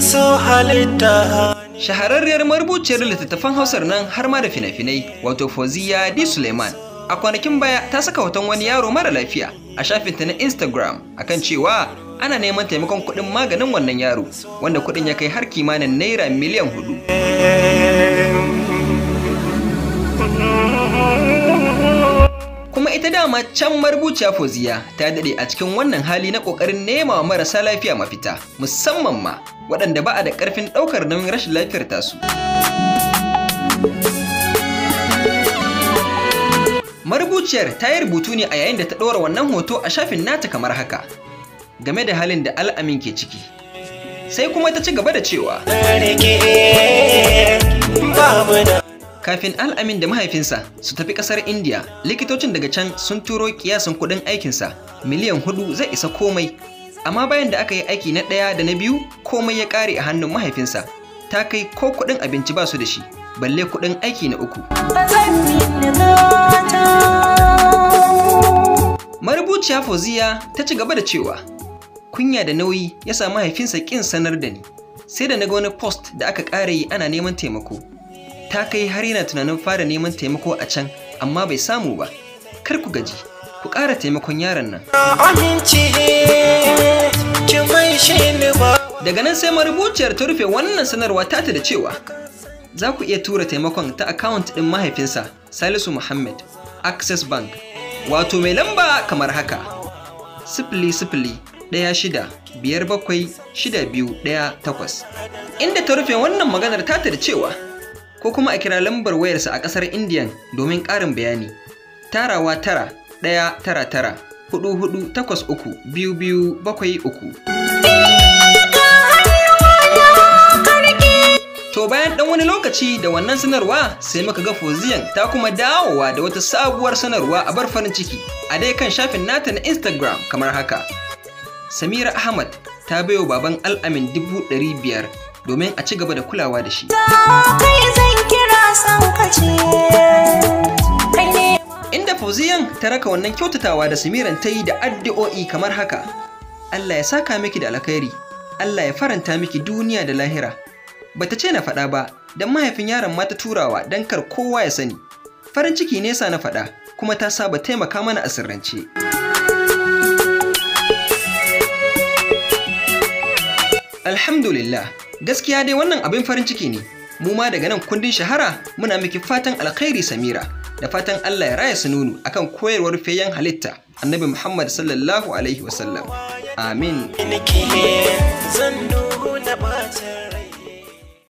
so halitta shahararriyar marubuciyar littattafan hausar nan har ma da fina-finai wato fauziya di suleiman a kwanakin baya ta saka hoton wani yaro mara lafiya a shafinta na instagram akan cewa ana neman taimakon kuɗin maganin wannan yaro wanda kuɗin ya kai har kimanin naira miliyan hudu eh, ita dama can marubuciya Foziya ta daɗe a cikin wannan hali na ƙoƙarin nema wa marasa lafiya mafita, musamman ma waɗanda ba a da ƙarfin ɗaukar nauyin rashin lafiyar tasu. Marubuciyar ta yi rubutu ne a yayin da ta ɗora wannan hoto a shafin nata kamar haka, game da halin da al'amin ke ciki. Sai kuma ta ci gaba da cewa. Kafin Al'amin da mahaifinsa su tafi ƙasar India, likitocin daga can sun turo kiyasin kuɗin aikinsa, miliyan hudu zai isa komai. Amma bayan da aka yi aiki na ɗaya da na biyu, komai ya ƙare a hannun mahaifinsa, ta kai ko kuɗin abinci ba su da shi, balle kuɗin aiki na uku. Marubuciya Foziya ta ci gaba da cewa, kunya da nauyi ya sa mahaifinsa ƙin sanar da ni, sai da na ga wani post da aka kare ana neman taimako. ta kai har yana tunanin fara neman taimako a can amma bai samu ba kar ku gaji ku ƙara taimakon yaron nan daga nan sai marubuciyar ta rufe wannan sanarwa ta da cewa za ku iya tura taimakon ta akawunt ɗin mahaifinsa salisu muhammad access bank wato mai lamba kamar haka sifili sifili ɗaya shida biyar bakwai shida biyu ɗaya takwas inda ta rufe wannan maganar tata da cewa ko kuma a kira lambar wayarsa a ƙasar indiyan domin ƙarin bayani tarawa tara ɗaya tara tara hudu hudu takwas uku biyu biyu bakwai uku To bayan ɗan wani lokaci da wannan sanarwa sai muka ga Foziyan ta kuma dawowa da wata sabuwar sanarwa a bar farin ciki a dai kan shafin nata na Instagram kamar haka. Samira Ahmad ta baiwa baban al'amin dubu ɗari biyar domin a ci gaba da kulawa da shi. Inda Fauziyan ta raka wannan kyautatawa da Samiran ta yi da addu'o'i kamar haka. Allah ya saka miki da alkhairi, Allah ya faranta miki duniya da lahira. Bata ce na faɗa ba, don mahaifin yaron ma ta turawa don kar kowa ya sani. Farin ciki nesa na faɗa, kuma ta saba taimaka mana a sirrance. Alhamdulillah, Gaskiya dai wannan abin farin ciki ne. Mu ma daga nan kundin shahara muna miki fatan alkhairi Samira da fatan Allah ya raya sununu akan koyarwar fayyan halitta Annabi Muhammad sallallahu alaihi wasallam. Amin.